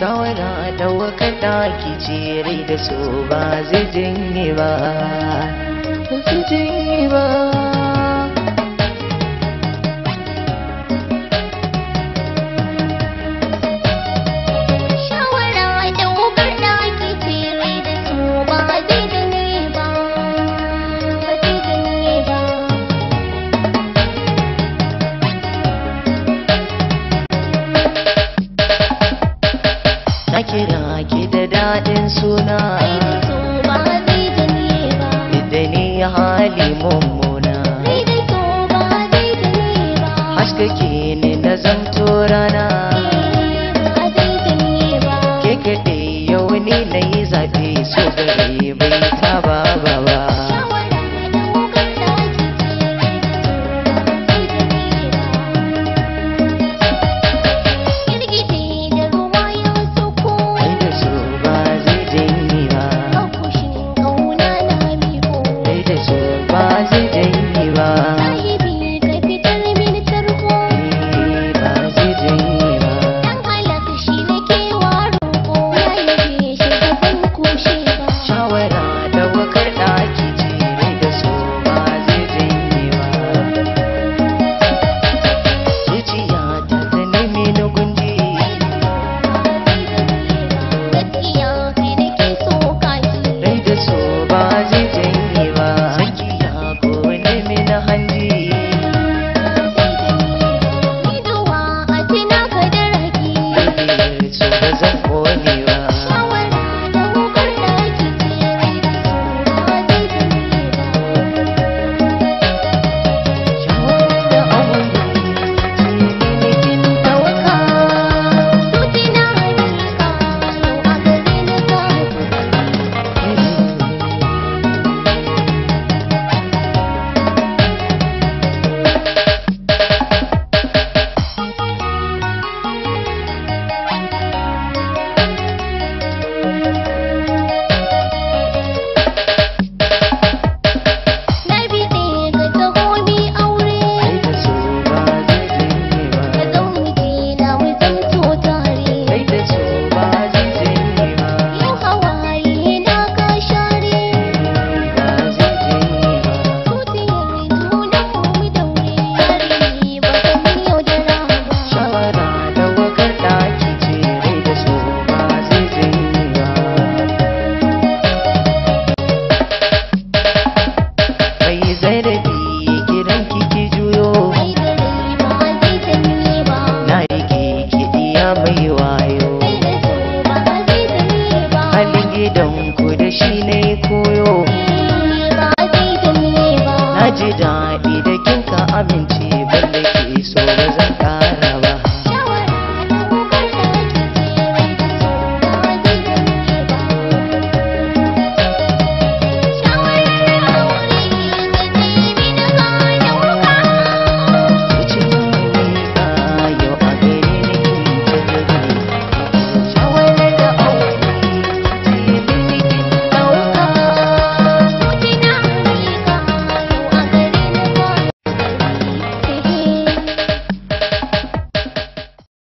shawara daukata ki ce da so ba zai jinye ba zai jinye ba hali mummuna aske kine da zanto rana ke kaɗe yau ni na zaɓe so gare ba gidan da shi ne koyo na ji daɗi da kinka amince ban ke so ba